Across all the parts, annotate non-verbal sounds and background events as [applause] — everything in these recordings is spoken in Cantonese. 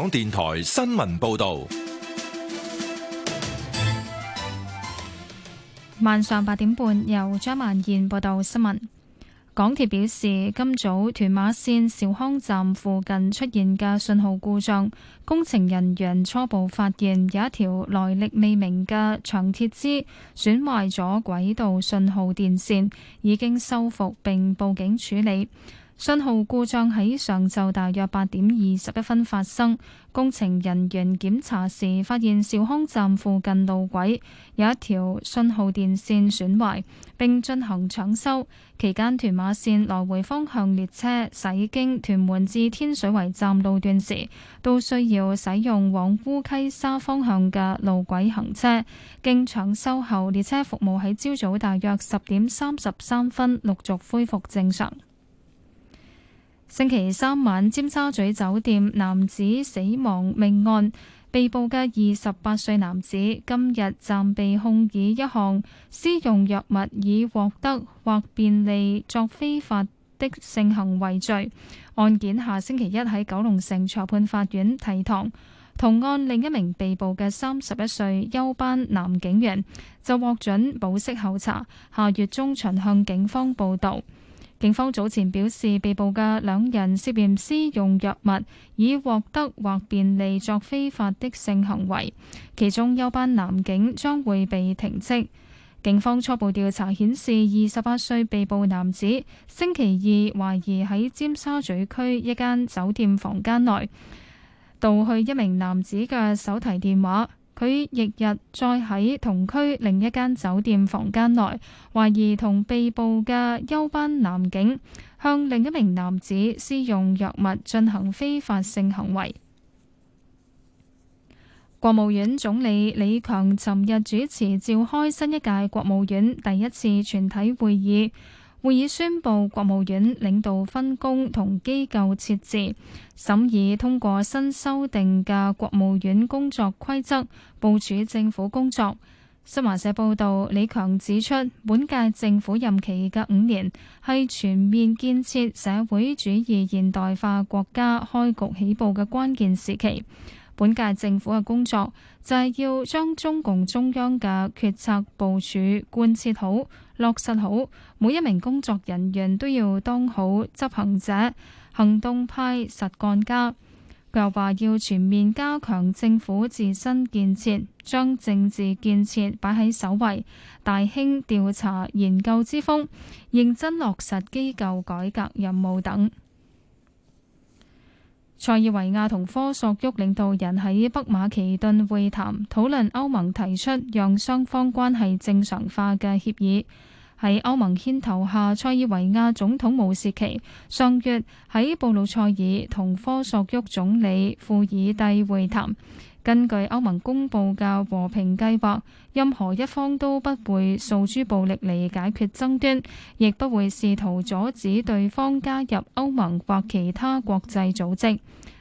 港電台新聞報道，晚上八點半由張萬燕報道新聞。港鐵表示，今早屯馬綫兆康站附近出現嘅信號故障，工程人員初步發現有一條來歷未明嘅長鐵枝損壞咗軌道信號電綫，已經修復並報警處理。信號故障喺上晝大約八點二十一分發生，工程人員檢查時發現兆康站附近路軌有一條信號電線損壞，並進行搶修。期間，屯馬綫來回方向列車駛經屯門至天水圍站路段時，都需要使用往烏溪沙方向嘅路軌行車。經搶修後，列車服務喺朝早大約十點三十三分陸續恢復正常。星期三晚尖沙咀酒店男子死亡命案被捕嘅二十八歲男子，今日暫被控以一項私用藥物以獲得或便利作非法的性行為罪。案件下星期一喺九龍城裁判法院提堂。同案另一名被捕嘅三十一歲休班男警員就獲准保釋候查，下月中旬向警方報到。警方早前表示，被捕嘅兩人涉嫌施用藥物，以獲得或便利作非法的性行為，其中休班男警將會被停職。警方初步調查顯示，二十八歲被捕男子星期二懷疑喺尖沙咀區一間酒店房間內盜去一名男子嘅手提電話。佢翌日再喺同區另一間酒店房間內，懷疑同被捕嘅休班男警向另一名男子施用藥物進行非法性行為。國務院總理李強尋日主持召開新一屆國務院第一次全體會議。會議宣布國務院領導分工同機構設置，審議通過新修訂嘅國務院工作規則，部署政府工作。新華社報道，李強指出，本屆政府任期嘅五年係全面建設社會主義現代化國家開局起步嘅關鍵時期。本屆政府嘅工作就係要將中共中央嘅決策部署貫徹好、落實好，每一名工作人員都要當好執行者、行動派、實幹家。佢又話要全面加強政府自身建設，將政治建設擺喺首位，大興調查研究之風，認真落實機構改革任務等。塞爾維亞同科索沃領導人喺北馬其頓會談，討論歐盟提出讓雙方關係正常化嘅協議。喺歐盟牽頭下，塞爾維亞總統武士奇上月喺布魯塞爾同科索沃總理庫爾蒂會談。根據歐盟公佈嘅和平計劃，任何一方都不會訴諸暴力嚟解決爭端，亦不會試圖阻止對方加入歐盟或其他國際組織。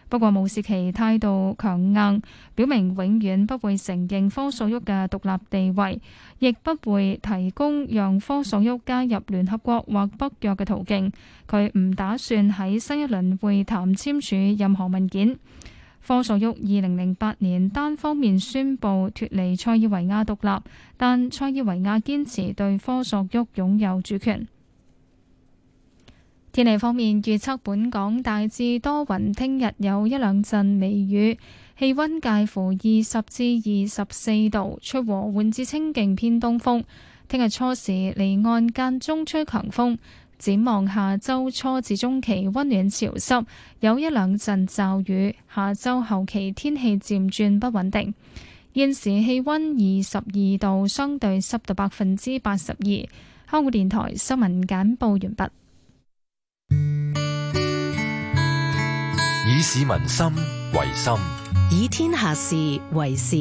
不過，武契奇態度強硬，表明永遠不會承認科索沃嘅獨立地位，亦不會提供讓科索沃加入聯合國或北約嘅途徑。佢唔打算喺新一輪會談簽署任何文件。科索沃二零零八年單方面宣布脫離塞爾維亞獨立，但塞爾維亞堅持對科索沃擁有主權。天氣方面，預測本港大致多雲，聽日有一兩陣微雨，氣溫介乎二十至二十四度，吹和緩至清勁偏東風。聽日初時離岸間中吹強風。展望下周初至中期溫暖潮濕，有一兩陣驟雨。下周後期天氣漸轉不穩定。現時氣溫二十二度，相對濕度百分之八十二。香港電台新聞簡報完畢。以市民心為心，以天下事為事。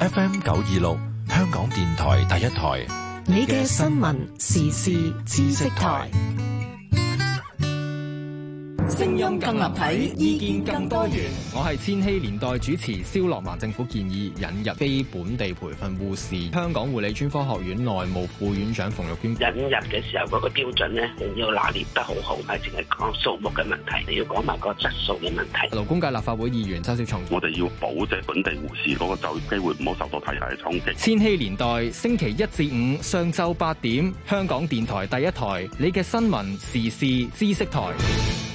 FM 九二六，香港電台第一台。你嘅新聞時事知識台。聲音更立體，意見更多元。我係千禧年代主持蕭樂文。政府建議引入非本地培訓護士，香港護理專科學院內務副院長馮玉娟，引入嘅時候嗰個標準呢，你要拿捏得好好，唔係淨係講數目嘅問題，你要講埋個質素嘅問題。勞工界立法會議員周小松，我哋要保證本地護士嗰個就業機會，唔好受到太大嘅衝擊。千禧年代星期一至五上晝八點，香港電台第一台，你嘅新聞時事知識台。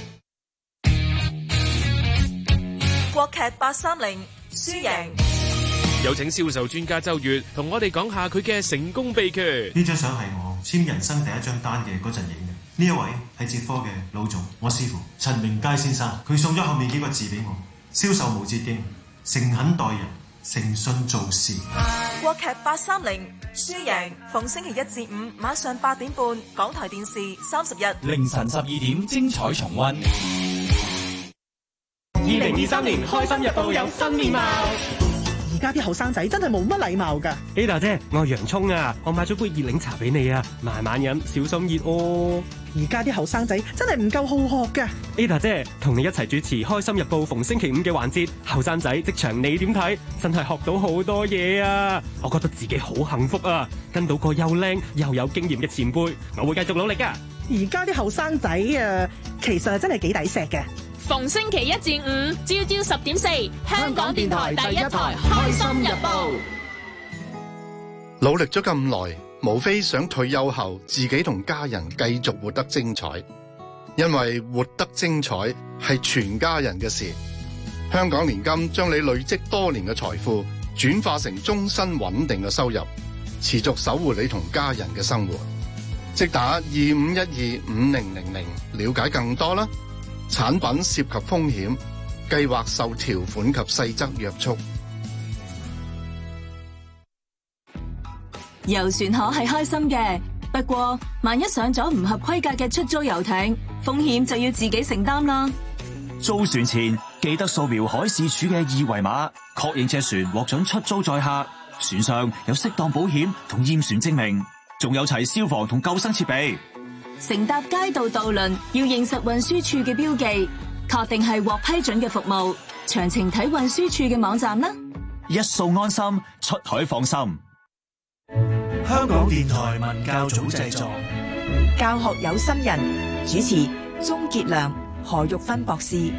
國劇八三零輸贏，30, 贏有請銷售專家周月同我哋講下佢嘅成功秘訣。呢張相係我簽人生第一張單嘅嗰陣影嘅，呢一位係捷科嘅老總，我師傅陳明佳先生，佢送咗後面幾個字俾我：銷售無捷徑，誠懇待人，誠信做事。國劇八三零輸贏，逢星期一至五晚上八點半，港台電視三十一凌晨十二點精彩重温。二零二三年《開心日報》有新面貌。而家啲後生仔真係冇乜禮貌噶。Ada 姐，我係洋蔥啊，我買咗杯熱檸茶俾你啊，慢慢飲，小心熱哦。而家啲後生仔真係唔夠好學嘅。Ada 姐，同你一齊主持《開心日報》逢星期五嘅環節，後生仔職場你點睇？真係學到好多嘢啊！我覺得自己好幸福啊，跟到個又靚又有經驗嘅前輩，我會繼續努力噶。而家啲後生仔啊，其實係真係幾抵錫嘅。逢星期一至五，朝朝十點四，香港電台第一台《開心日報》。努力咗咁耐，無非想退休後自己同家人繼續活得精彩，因為活得精彩係全家人嘅事。香港年金將你累積多年嘅財富轉化成終身穩定嘅收入，持續守護你同家人嘅生活。即打二五一二五零零零，了解更多啦。產品涉及風險，計劃受條款及細則約束。遊船可係開心嘅，不過萬一上咗唔合規格嘅出租遊艇，風險就要自己承擔啦。租船前記得掃描海事處嘅二維碼，確認隻船獲准出租載客，船上有適當保險同驗船證明，仲有齊消防同救生設備。乘搭街道渡輪，要認識運輸處嘅標記，確定係獲批准嘅服務。詳情睇運輸處嘅網站啦。一掃安心，出海放心。香港電台文教組製作，教學有心人主持，鍾杰良、何玉芬博士。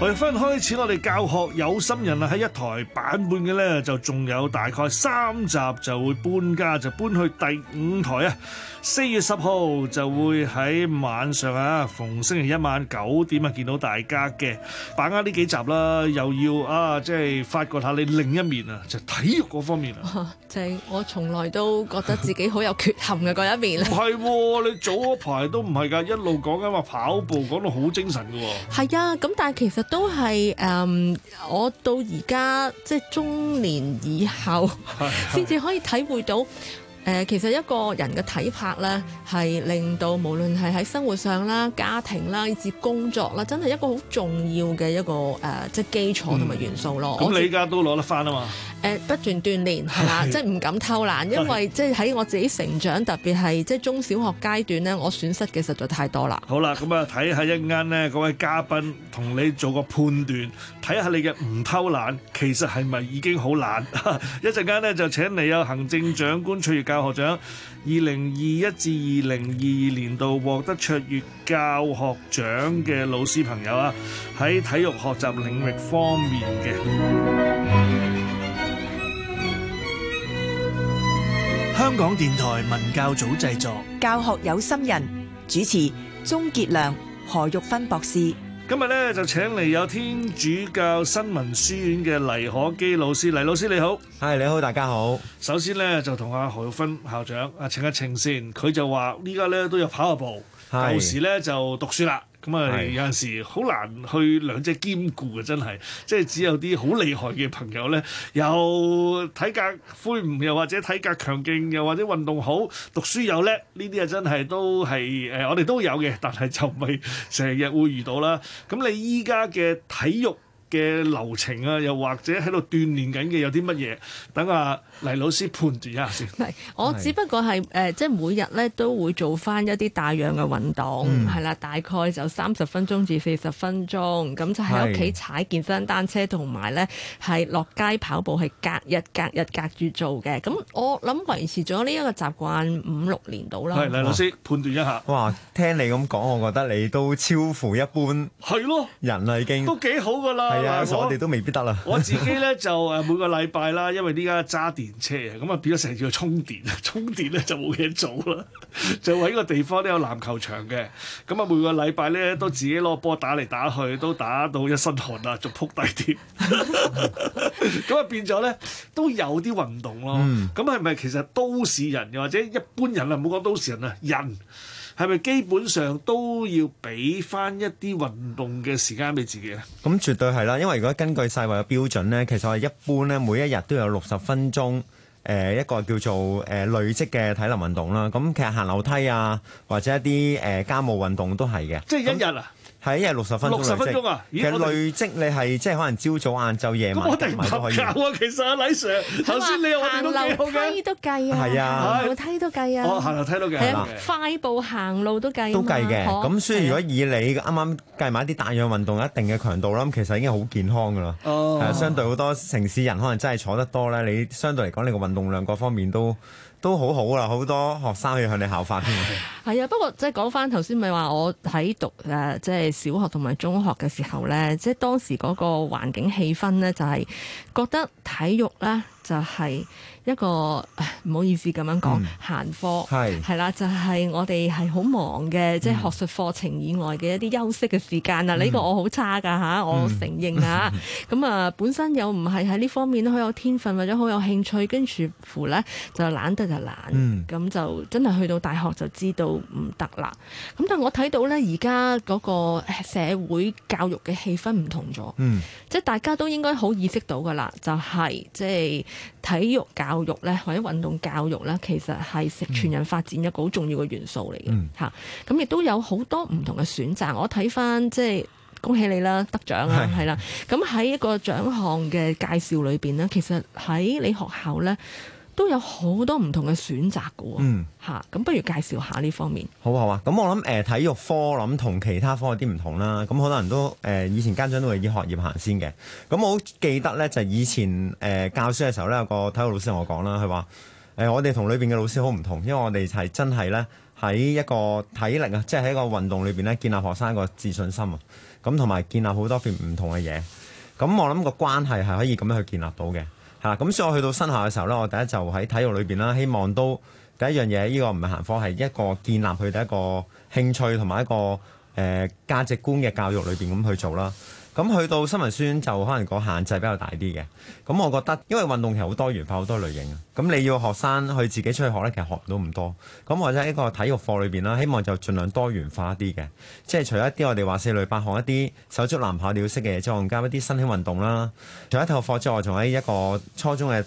佢分開始，我哋教學有心人啊，喺一台版本嘅咧，就仲有大概三集就會搬家，就搬去第五台啊。四月十號就會喺晚上啊，逢星期一晚九點啊，見到大家嘅。把握呢幾集啦，又要啊，即係發掘下你另一面啊，就是、體育嗰方面啊，就係、是、我從來都覺得自己好有缺陷嘅嗰一面咧。係 [laughs] 喎、 [laughs] 啊，你早排都唔係㗎，一路講緊話跑步，講到好精神嘅喎。係 [laughs] 啊，咁但係其實。都係誒，um, 我到而家即係中年以後，先至 [laughs] [laughs] 可以體會到。誒其實一個人嘅體魄咧，係令到無論係喺生活上啦、家庭啦，以至工作啦，真係一個好重要嘅一個誒、呃，即係基礎同埋元素咯。咁你而家都攞得翻啊嘛？誒、呃、不斷鍛鍊係啦，的即係唔敢偷懶，因為的即係喺我自己成長，特別係即係中小學階段咧，我損失嘅實在太多啦。好啦，咁啊睇下一間呢，嗰位嘉賓同你做個判斷，睇下你嘅唔偷懶，其實係咪已經好懶？ [laughs] 一陣間咧就請你有行政長官翠玉 [laughs] 教學獎，二零二一至二零二二年度獲得卓越教學獎嘅老師朋友啊，喺體育學習領域方面嘅。香港電台文教組製作，教學有心人主持，鍾杰良、何玉芬博士。今日咧就請嚟有天主教新民書院嘅黎可基老師。黎老師你好，係你好，大家好。首先咧就同阿何玉芬校長啊請一程先，佢就話依家咧都有跑下步，Hi. 到時咧就讀書啦。咁 ico 啊，有陣時好難去兩者兼顧啊！真係即係只有啲好厲害嘅朋友咧，又體格魁梧，又或者體格強勁，又或者運動好、讀書又叻，呢啲啊真係都係誒我哋都有嘅，但係就唔係成日會遇到啦。咁你依家嘅體育嘅流程啊，又或者喺度鍛煉緊嘅有啲乜嘢？等阿、啊、黎老師判斷一下先。係，我只不過係誒、呃、即係每日咧都會做翻一啲帶氧嘅運動，係啦、嗯，大概就三十分鐘至四十分鐘，咁就喺屋企踩健身單車同埋咧係落街跑步隔一隔一隔一隔，係隔日隔日隔住做嘅。咁我諗維持咗呢一個習慣五六年度啦。係，黎老師判斷一下。哇，聽你咁講，我覺得你都超乎一般係咯，人類已經都幾好㗎啦。我哋都未必得啦。我自己咧就誒每個禮拜啦，因為呢家揸電車啊，咁啊變咗成日要充電啊，充電咧就冇嘢做啦。就喺個地方都有籃球場嘅，咁啊每個禮拜咧都自己攞波打嚟打去，都打到一身汗啊，仲仆低添。咁啊 [laughs] 變咗咧都有啲運動咯。咁係咪其實都市人又或者一般人啊？唔好講都市人啊，人。係咪基本上都要俾翻一啲運動嘅時間俾自己咧？咁絕對係啦，因為如果根據世衞嘅標準咧，其實我哋一般咧每一日都有六十分鐘，誒一個叫做誒累積嘅體能運動啦。咁其實行樓梯啊，或者一啲誒家務運動都係嘅。即係一日啊！喺一日六十分鐘累積，其實累積你係即係可能朝早、晏晝、夜晚，加我突然間教其實阿黎 Sir，頭先你又我哋都幾好嘅。樓梯都計啊，係啊，樓梯都計啊。哦，行路、梯都計啦。快步行路都計，都計嘅。咁所以如果以你啱啱計埋一啲帶氧運動一定嘅強度啦，其實已經好健康㗎喇。哦，係啊，相對好多城市人可能真係坐得多咧，你相對嚟講你個運動量各方面都都好好啦，好多學生要向你效法添。係啊，不過即係講返頭先咪話，我喺讀誒，即係。小學同埋中學嘅時候呢，即係當時嗰個環境氣氛呢，就係覺得體育呢。就係一個唔好意思咁樣講、嗯、閒科，係係啦，就係、是、我哋係好忙嘅，即係、嗯、學術課程以外嘅一啲休息嘅時間啦。呢、嗯、個我好差噶嚇，嗯、我承認啊。咁啊、嗯，本身又唔係喺呢方面好有天分或者好有興趣，跟住乎咧就懶得就懶，咁、嗯、就真係去到大學就知道唔得啦。咁但係我睇到咧，而家嗰個社會教育嘅氣氛唔同咗，嗯、即係大家都應該好意識到噶啦，就係即係。體育教育咧，或者運動教育咧，其實係食全人發展一個好重要嘅元素嚟嘅嚇。咁亦、嗯嗯、都有好多唔同嘅選擇。我睇翻即係恭喜你啦，得獎啦、啊，係啦是。咁喺一個獎項嘅介紹裏邊咧，其實喺你學校咧。都有好多唔同嘅選擇㗎喎，嚇咁、嗯啊、不如介紹下呢方面。好啊，好啊，咁我諗誒、呃、體育科諗同其他科有啲唔同啦。咁好多人都誒、呃、以前家長都會以學業行先嘅。咁我好記得呢，就是、以前誒、呃、教書嘅時候呢，有個體育老師同我講啦，佢話誒，我哋同裏邊嘅老師好唔同，因為我哋係真係呢，喺一個體力啊，即係喺一個運動裏邊呢，建立學生個自信心啊，咁同埋建立好多片唔同嘅嘢。咁我諗個關係係可以咁樣去建立到嘅。嚇！咁、嗯、所以我去到新校嘅時候咧，我第一就喺體育裏邊啦，希望都第一樣嘢，呢、呢個唔係行課，係一個建立佢哋一個興趣同埋一個誒、呃、價值觀嘅教育裏邊咁去做啦。咁去到新民書院就可能個限制比較大啲嘅，咁我覺得因為運動其實好多元化，好多類型啊，咁你要學生去自己出去學咧，其實學唔到咁多。咁或者喺個體育課裏邊啦，希望就儘量多元化啲嘅，即係除咗一啲我哋話四類八項一啲手足籃球類式嘅嘢之外，加一啲新興運動啦。除咗體育課之外，仲喺一個初中嘅。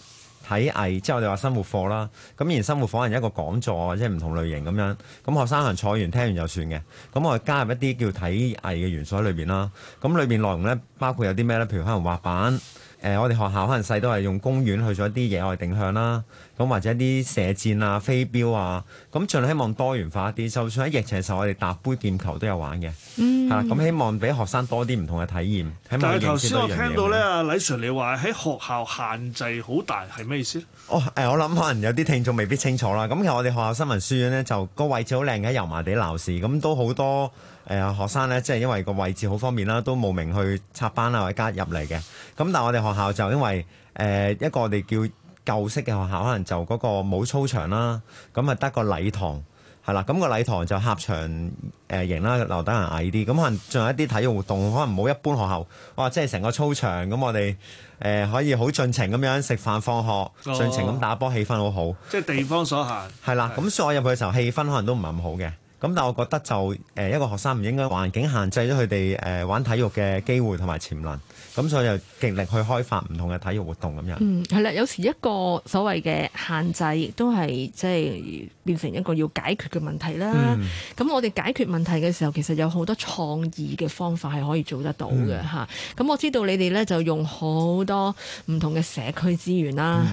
體藝，之後我哋話生活課啦，咁然生活課係一個講座啊，即係唔同類型咁樣，咁學生可能坐完聽完就算嘅，咁我哋加入一啲叫體藝嘅元素喺裏邊啦，咁裏面內容呢，包括有啲咩呢？譬如可能滑板，誒、呃、我哋學校可能細都係用公園去做一啲野外定向啦。咁或者啲射箭啊、飛鏢啊，咁盡量希望多元化一啲。就算喺疫情時候，我哋搭杯劍球都有玩嘅嚇。咁希望俾學生多啲唔同嘅體驗。但係頭先我聽到咧，阿黎 Sir 你話喺學校限制好大，係咩意思咧？哦，誒，我諗可能有啲聽眾未必清楚啦。咁其實我哋學校新民書院咧，就個位置好靚嘅，喺油麻地鬧市，咁都好多誒學生咧，即係因為個位置好方便啦，都慕名去插班啊或者加入嚟嘅。咁但係我哋學校就因為誒一個我哋叫。舊式嘅學校可能就嗰個冇操場啦，咁啊得個禮堂係啦，咁個禮堂就狹長誒型啦，留得人矮啲，咁可能仲有一啲體育活動，可能冇一般學校，哇！即係成個操場咁，我哋誒可以好盡情咁樣食飯放學，盡情咁打波，氣氛好好。即係地方所限。係啦，咁所以我入去嘅時候氣氛可能都唔係咁好嘅，咁但係我覺得就誒一個學生唔應該環境限制咗佢哋誒玩體育嘅機會同埋潛能。咁所以又極力去開發唔同嘅體育活動咁樣。嗯，係啦，有時一個所謂嘅限制亦都係即係變成一個要解決嘅問題啦。咁、嗯、我哋解決問題嘅時候，其實有好多創意嘅方法係可以做得到嘅吓，咁、嗯嗯、我知道你哋咧就用好多唔同嘅社區資源啦，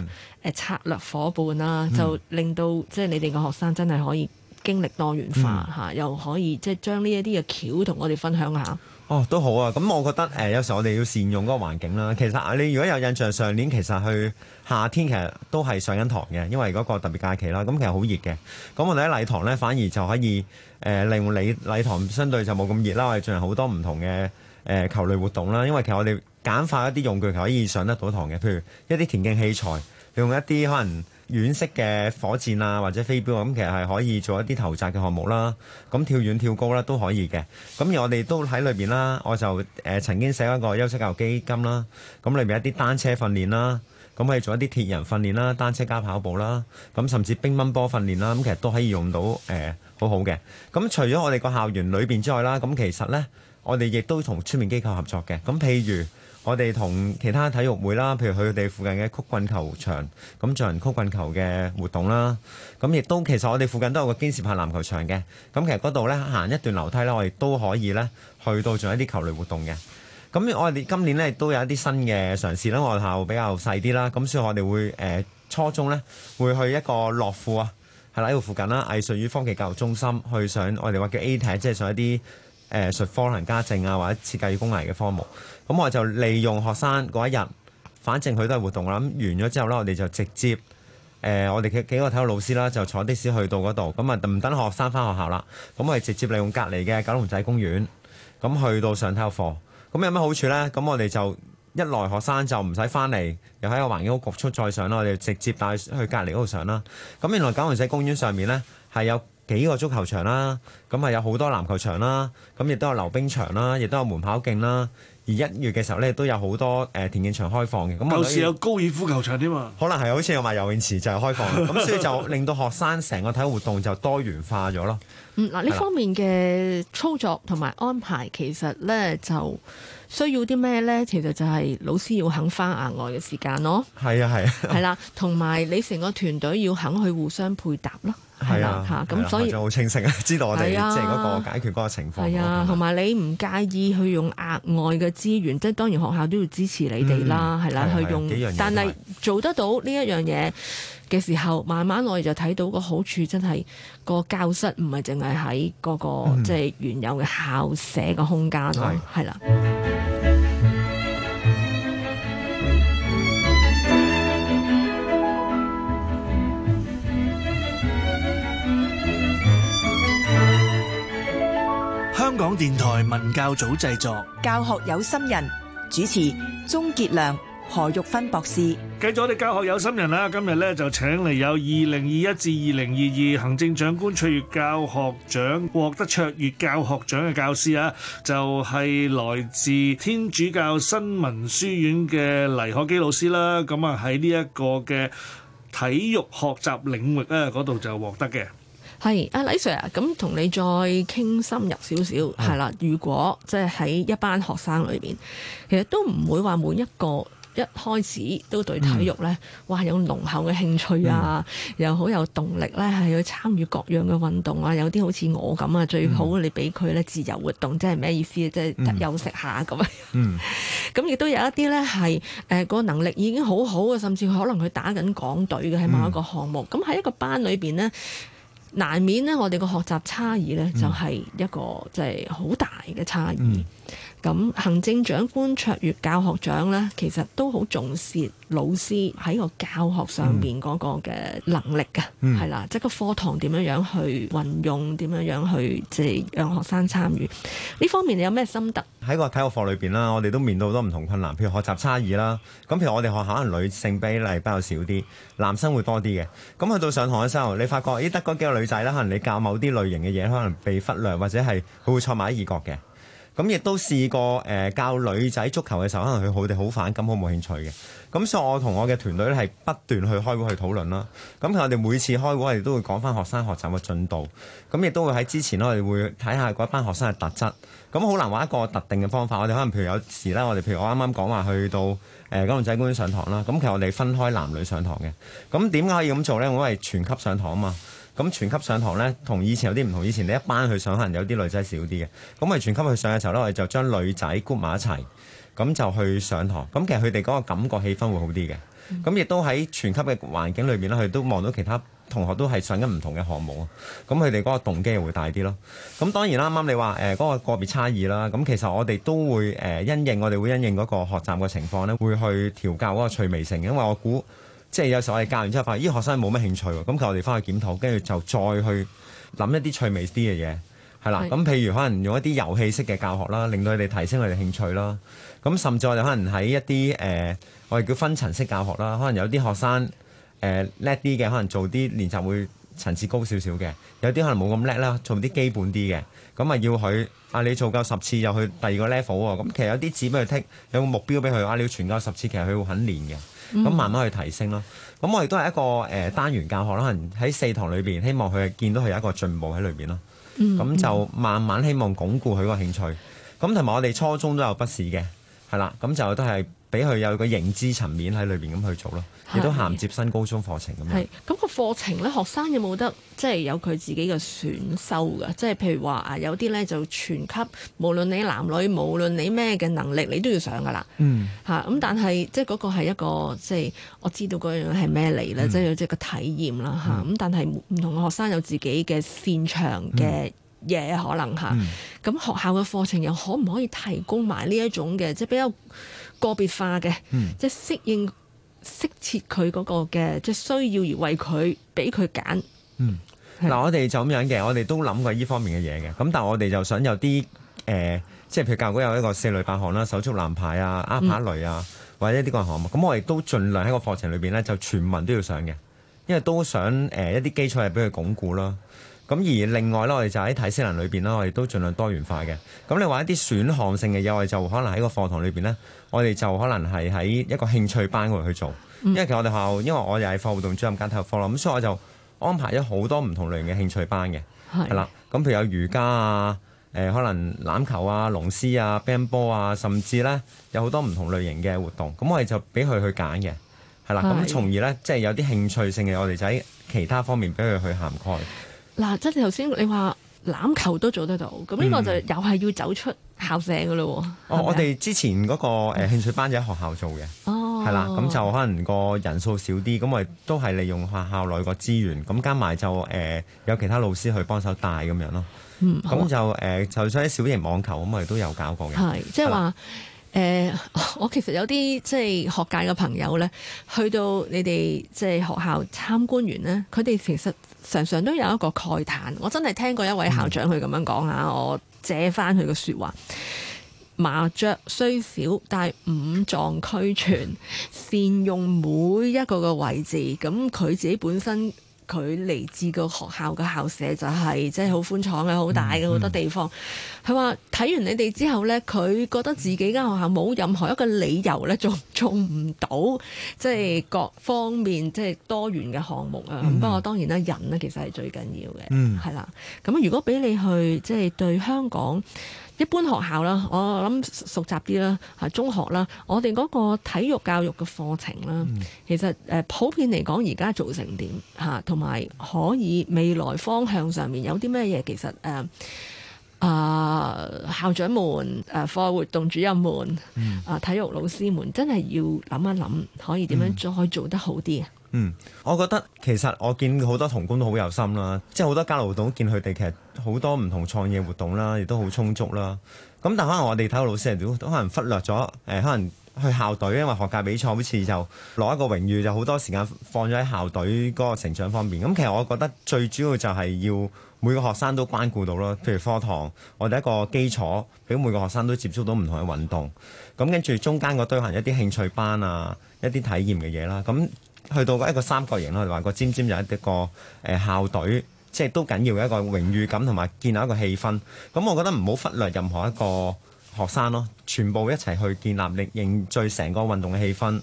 誒、嗯、策略夥伴啦，嗯、就令到即係你哋嘅學生真係可以經歷多元化吓，嗯嗯、又可以即係將呢一啲嘅橋同我哋分享下。哦，都好啊！咁我覺得誒、呃、有時候我哋要善用嗰個環境啦。其實啊，你如果有印象，上年其實去夏天其實都係上緊堂嘅，因為嗰個特別假期啦。咁、嗯、其實好熱嘅，咁我哋喺禮堂呢，反而就可以誒令、呃、禮，禮堂相對就冇咁熱啦。我哋進行好多唔同嘅誒、呃、球類活動啦。因為其實我哋簡化一啲用具，係可以上得到堂嘅。譬如一啲田徑器材，用一啲可能。軟式嘅火箭啊，或者飛鏢咁，其實係可以做一啲投擲嘅項目啦。咁跳遠、跳高啦，都可以嘅。咁而我哋都喺裏邊啦，我就誒曾經寫一個優質教育基金啦。咁裏面一啲單車訓練啦，咁可以做一啲鐵人訓練啦，單車加跑步啦。咁甚至乒乓波訓練啦，咁其實都可以用到誒，呃、好好嘅。咁除咗我哋個校園裏邊之外啦，咁其實呢，我哋亦都同出面機構合作嘅。咁譬如。我哋同其他體育會啦，譬如佢哋附近嘅曲棍球場，咁進行曲棍球嘅活動啦。咁亦都其實我哋附近都有個京士柏籃球場嘅。咁其實嗰度咧行一段樓梯咧，我哋都可以咧去到做一啲球類活動嘅。咁我哋今年咧亦都有一啲新嘅嘗試啦。我哋校比較細啲啦，咁所以我哋會誒初中咧會去一個樂富啊，係喇，呢度附近啦，藝術與科技教育中心去上我哋話叫 A 體，即係上一啲。誒術科能家政啊，或者設計工藝嘅科目，咁我就利用學生嗰一日，反正佢都係活動啦。咁完咗之後呢，我哋就直接誒，我哋嘅幾個體育老師啦，就坐的士去到嗰度，咁啊唔等學生翻學校啦，咁我哋直接利用隔離嘅九龍仔公園，咁去到上體育課。咁有乜好處呢？咁我哋就一來學生就唔使翻嚟，又喺個環境好局促，再上啦，我哋直接帶去隔離嗰度上啦。咁原來九龍仔公園上面呢係有，幾個足球場啦，咁啊有好多籃球場啦，咁亦都有溜冰場啦，亦都有緩跑徑啦。而一月嘅時候咧，都有好多誒田徑場開放嘅。咁舊時有高爾夫球場添嘛，可能係好似有埋游泳池就係開放，咁 [laughs] 所以就令到學生成個體育活動就多元化咗咯。嗯，嗱呢方面嘅操作同埋安排，其實咧就需要啲咩咧？其實就係老師要肯花額外嘅時間咯。係啊係啊，係啦、啊，同埋、啊、 [laughs] 你成個團隊要肯去互相配搭咯。係啊，嚇咁所以就好清晰啊，知道我哋即係嗰個解決嗰個情況。係啊，同埋你唔介意去用額外嘅資源，即係當然學校都要支持你哋啦，係啦，去用幾樣。但係做得到呢一樣嘢嘅時候，慢慢我哋就睇到個好處，真係個教室唔係淨係喺嗰個即係原有嘅校舍嘅空間內，係啦。香港電台文教組製作，教學有心人主持鍾杰良、何玉芬博士。繼續我哋教學有心人啦，今日咧就請嚟有二零二一至二零二二行政長官卓越教學獎獲得卓越教學獎嘅教師啊，就係來自天主教新民書院嘅黎可基老師啦。咁啊喺呢一個嘅體育學習領域咧，嗰度就獲得嘅。係，阿黎 Sir 啊，咁同你再傾深入少少，係啦、哦。如果即係喺一班學生裏邊，其實都唔會話每一個一開始都對體育咧，嗯、哇有濃厚嘅興趣啊，嗯、又好有動力咧，係去參與各樣嘅運動啊。有啲好似我咁啊，最好你俾佢咧自由活動，即係咩意思啊？即係休息下咁啊。咁亦都有一啲咧係誒嗰個能力已經好好嘅，甚至可能佢打緊港隊嘅喺某一個項目。咁喺、嗯、一個班裏邊咧。呢難免咧，我哋個學習差異咧，就係一個即係好大嘅差異。咁行政長官卓越教學獎咧，其實都好重視老師喺個教學上邊嗰個嘅能力嘅，係啦、嗯，即係個課堂點樣樣去運用，點樣樣去即係讓學生參與呢方面，你有咩心得？喺個體育課裏邊啦，我哋都面對好多唔同困難，譬如學習差異啦。咁譬如我哋學校可能女性比例比較少啲，男生會多啲嘅。咁去到上堂嘅時候，你發覺咦得嗰幾個女仔啦，可能你教某啲類型嘅嘢，可能被忽略，或者係佢會坐埋喺二角嘅。咁亦都試過誒、呃、教女仔足球嘅時候，可能佢好哋好反感，好冇興趣嘅。咁所以，我同我嘅團隊咧係不斷去開會去討論啦。咁其實我哋每次開會，我哋都會講翻學生學習嘅進度。咁亦都會喺之前我哋會睇下嗰一班學生嘅特質。咁好難話一個特定嘅方法。我哋可能譬如有時啦，我哋譬如我啱啱講話去到誒、呃、九龍仔公園上堂啦。咁其實我哋分開男女上堂嘅。咁點解可以咁做呢？我因為全級上堂啊嘛。咁全級上堂呢，同以前有啲唔同。以前你一班去上，可能有啲女仔少啲嘅。咁咪全級去上嘅時候呢，我哋就將女仔 group 埋一齊，咁就去上堂。咁其實佢哋嗰個感覺氣氛會好啲嘅。咁、嗯、亦都喺全級嘅環境裏面呢，佢都望到其他同學都係上緊唔同嘅項目啊。咁佢哋嗰個動機會大啲咯。咁當然啦，啱啱你話誒嗰個個別差異啦。咁其實我哋都會誒、呃、因應，我哋會因應嗰個學習嘅情況呢，會去調教嗰個趣味性，因為我估。即係有時候我哋教完之後發現，啲學生冇乜興趣喎。咁求我哋翻去檢討，跟住就再去諗一啲趣味啲嘅嘢，係啦。咁譬如可能用一啲遊戲式嘅教學啦，令到佢哋提升佢哋興趣啦。咁甚至我哋可能喺一啲誒、呃，我哋叫分層式教學啦。可能有啲學生誒叻啲嘅，可能做啲練習會層次高少少嘅；有啲可能冇咁叻啦，做啲基本啲嘅。咁啊要佢啊，你做夠十次又去第二個 level 喎。咁其實有啲指俾佢剔，有個目標俾佢啊，你要傳夠十次，其實佢會肯練嘅。咁慢慢去提升咯。咁我亦都係一個誒、呃、單元教學可能喺四堂裏邊，希望佢見到佢有一個進步喺裏邊咯。咁、嗯、就慢慢希望鞏固佢個興趣。咁同埋我哋初中都有筆試嘅，係啦。咁就都係。俾佢有個認知層面喺裏邊咁去做咯，亦都銜接新高中課程咁樣。係咁、嗰個課程咧，學生有冇得即係有佢自己嘅選修噶？即係譬如話啊，有啲咧就全級，無論你男女，無論你咩嘅能力，你都要上噶啦。嗯。嚇咁，但係即係嗰個係一個即係我知道嗰樣係咩嚟咧，嗯、即係有即係個體驗啦嚇。咁、嗯、但係唔同嘅學生有自己嘅擅長嘅嘢、嗯、可能嚇。咁、嗯、學校嘅課程又可唔可以提供埋呢一種嘅即係比較？個別化嘅，嗯、即係適應、適切佢嗰個嘅即係需要而為佢俾佢揀。嗯，嗱是、嗯，我哋就咁樣嘅，我哋都諗過依方面嘅嘢嘅。咁但係我哋就想有啲誒，即、呃、係譬如教育局有一個四類八項啦，手足籃排啊、阿伯類啊，或者啲個項目，咁、嗯、我哋都盡量喺個課程裏邊咧，就全民都要上嘅，因為都想誒、呃、一啲基礎係俾佢鞏固啦。咁而另外咧，我哋就喺體適能裏邊咧，我哋都儘量多元化嘅。咁你話一啲選項性嘅嘢，我哋就可能喺個課堂裏邊咧，我哋就可能係喺一個興趣班嗰度去做。因為其實我哋學校，因為我又係課活動主任兼體育科啦，咁所以我就安排咗好多唔同類型嘅興趣班嘅係啦。咁譬如有瑜伽啊，誒可能籃球啊、龍獅啊、兵波啊，甚至咧有好多唔同類型嘅活動。咁我哋就俾佢去揀嘅係啦。咁從而咧，即係有啲興趣性嘅，我哋就喺其他方面俾佢去涵蓋。嗱，即係頭先你話籃球都做得到，咁呢、嗯、個就又係要走出校舍嘅咯喎。哦，是是我哋之前嗰個誒興趣班就喺學校做嘅，係啦、哦，咁就可能個人數少啲，咁我都係利用學校內個資源，咁加埋就誒、呃、有其他老師去幫手帶咁樣咯。嗯，咁就誒、呃，就算係小型網球咁，我哋都有搞過嘅。係，即係話。誒、呃，我其實有啲即係學界嘅朋友呢，去到你哋即係學校參觀完呢，佢哋其實常常都有一個慨嘆。我真係聽過一位校長佢咁樣講啊，我借翻佢嘅説話。麻雀雖小，但五臟俱全，善用每一個嘅位置。咁佢自己本身。佢嚟自個學校嘅校舍就係即係好寬敞嘅、好大嘅好多地方。佢話睇完你哋之後呢，佢覺得自己間學校冇任何一個理由呢，做做唔到即係各方面即係、就是、多元嘅項目啊。嗯、不過當然啦，人呢其實係最緊要嘅，嗯，係啦。咁如果俾你去即係、就是、對香港。一般學校啦，我諗熟習啲啦，係中學啦。我哋嗰個體育教育嘅課程啦，其實誒普遍嚟講，而家做成點嚇，同埋可以未來方向上面有啲咩嘢，其實誒。呃啊！Uh, 校長們、誒課外活動主任們、啊、mm. uh, 體育老師們，真係要諗一諗，可以點樣再做得好啲啊！嗯，mm. mm. 我覺得其實我見好多同工都好有心啦，即係好多交流活動見佢哋其實好多唔同創業活動啦，亦都好充足啦。咁但可能我哋體育老師都都可能忽略咗，誒、呃、可能。去校隊，因為學界比賽好似就攞一個榮譽，就好多時間放咗喺校隊嗰個成長方面。咁其實我覺得最主要就係要每個學生都關顧到咯。譬如課堂，我哋一個基礎，俾每個學生都接觸到唔同嘅運動。咁跟住中間嗰堆行一啲興趣班啊，一啲體驗嘅嘢啦。咁去到一個三角形咯，我哋話個尖尖有一啲個誒校隊，即係都緊要嘅一個榮譽感同埋建立一個氣氛。咁我覺得唔好忽略任何一個學生咯，全部一齊去建立令凝聚成個運動嘅氣氛。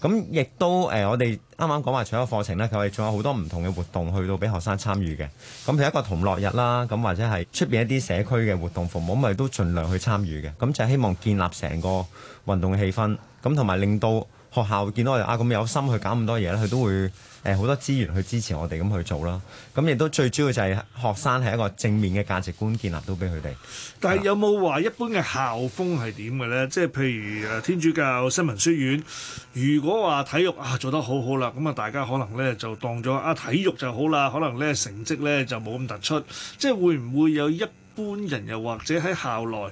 咁亦都誒、呃，我哋啱啱講話除咗課程呢，佢哋仲有好多唔同嘅活動去到俾學生參與嘅。咁譬如一個同樂日啦，咁或者係出邊一啲社區嘅活動服務，我咪都盡量去參與嘅。咁就係、希望建立成個運動嘅氣氛。咁同埋令到。學校會見到我哋啊，咁有心去搞咁多嘢咧，佢都會誒好多資源去支持我哋咁去做啦。咁亦都最主要就係學生係一個正面嘅價值觀建立到俾佢哋。但係有冇話一般嘅校風係點嘅咧？即係譬如誒天主教新民書院，如果話體育啊做得好好啦，咁啊大家可能咧就當咗啊體育就好啦，可能咧成績咧就冇咁突出。即係會唔會有一般人又或者喺校內？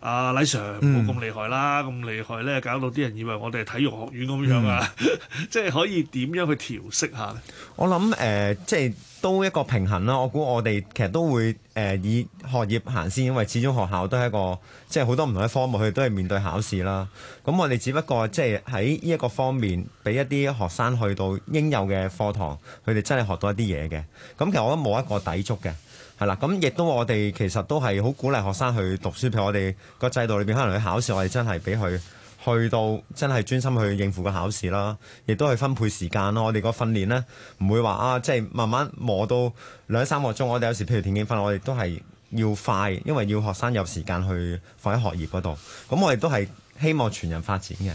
阿黎 Sir，唔好咁厲害啦，咁、嗯、厲害咧，搞到啲人以為我哋係體育學院咁樣啊，嗯、 [laughs] 即係可以點樣去調適下咧？我諗誒、呃，即係。都一個平衡啦，我估我哋其實都會誒、呃、以學業行先，因為始終學校都係一個即係好多唔同嘅科目，佢都係面對考試啦。咁我哋只不過即係喺呢一個方面，俾一啲學生去到應有嘅課堂，佢哋真係學到一啲嘢嘅。咁其實我都冇一個抵觸嘅，係啦。咁亦都我哋其實都係好鼓勵學生去讀書，譬如我哋個制度裏邊可能去考試，我哋真係俾佢。去到真係專心去應付個考試啦，亦都係分配時間啦。我哋個訓練呢，唔會話啊，即係慢慢磨到兩三個鐘。我哋有時譬如田徑訓練，我哋都係要快，因為要學生有時間去放喺學業嗰度。咁我哋都係希望全人發展嘅，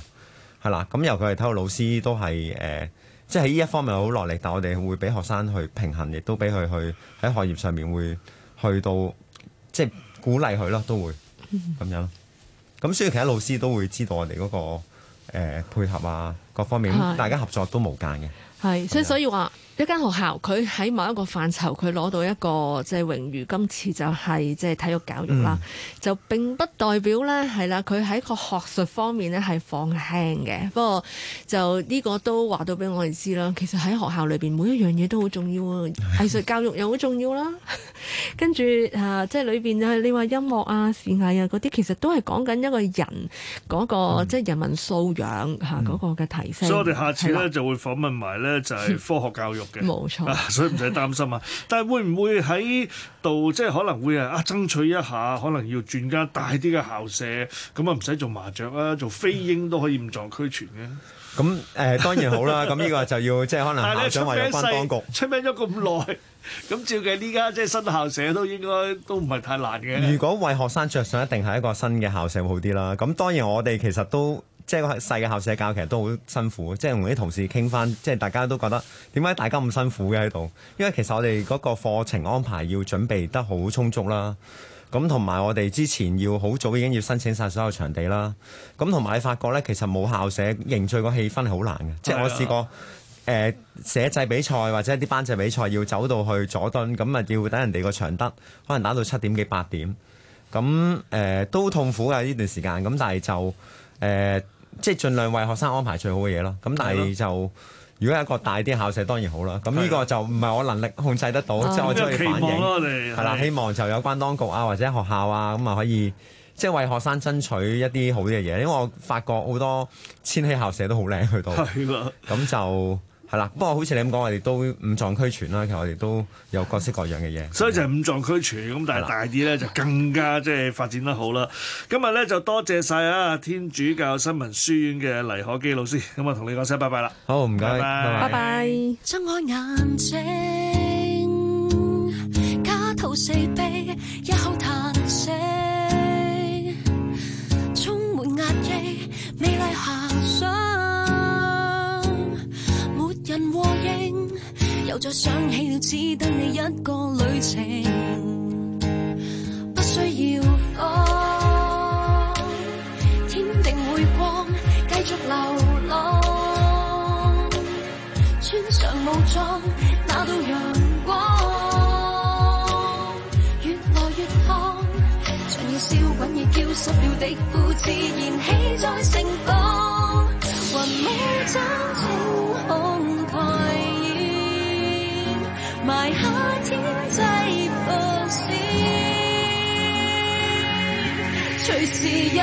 係啦。咁由佢嚟睇，個老師都係誒、呃，即係呢一方面好落力，但我哋會俾學生去平衡，亦都俾佢去喺學業上面會去到即係鼓勵佢咯，都會咁樣。咁所以其他老師都會知道我哋嗰個誒配合啊，各方面的大家合作都無間嘅。係的。所以所以話。一間學校，佢喺某一個範疇，佢攞到一個即係榮譽。今次就係即係體育教育啦，嗯、就並不代表咧係啦。佢喺個學術方面咧係放輕嘅。不過就呢個都話到俾我哋知啦。其實喺學校裏邊每一樣嘢都好重要啊。藝術教育又好重要啦。 [laughs] 跟住啊，即係裏邊就你話音樂啊、視藝啊嗰啲，其實都係講緊一個人嗰、嗰個即係、嗯、人文素養嚇嗰個嘅提升。嗯、所以我哋下次咧的就會訪問埋咧就係科學教育。嗯冇錯沒、 [laughs] 啊，所以唔使擔心啊！但係會唔會喺度即係可能會啊啊爭取一下，可能要轉間大啲嘅校舍，咁啊唔使做麻雀啦，做飛鷹都可以五臟俱全嘅。咁誒、 [laughs] 呃，當然好啦。咁呢個就要即係可能校長或者有關當局， [laughs] 出名咗咁耐，咁照計呢家即係新校舍都應該都唔係太難嘅。如果為學生着想，一定係一個新嘅校舍會好啲啦。咁當然我哋其實都。即係細嘅校舍教，其實都好辛苦。即係同啲同事傾翻，即係大家都覺得點解大家咁辛苦嘅喺度？因為其實我哋嗰個課程安排要準備得好充足啦。咁同埋我哋之前要好早已經要申請晒所有場地啦。咁同埋你發覺呢，其實冇校舍凝聚個氣氛係好難嘅。的即係我試過誒社、呃、際比賽或者啲班際比賽，要走到去佐敦，咁啊要等人哋個場得，可能打到七點幾八點。咁誒、呃、都痛苦嘅呢段時間。咁但係就誒。呃即係盡量為學生安排最好嘅嘢咯，咁但係就如果一個大啲校舍當然好啦，咁呢個就唔係我能力控制得到，即係的我只可以反映。係啦、啊，希望就有關當局啊或者學校啊咁啊可以即係、就是、為學生爭取一啲好啲嘅嘢，因為我發覺好多千禧校舍都好靚的去到。咁就。係啦，不過好似你咁講，我哋都五臟俱全啦。其實我哋都有各式各樣嘅嘢，所以就係五臟俱全咁，但係大啲咧就更加即係發展得好啦。今日咧就多謝晒啊！天主教新民書院嘅黎可基老師，咁我同你講聲拜拜啦。好，唔該，拜拜。睜開眼睛，家徒四壁，一口痰。只等你一個旅程， [music] 不需要講，天定會光，繼續流浪，穿上武裝，那道陽光越來越燙，像熱燒滾，熱焦濕了的灰。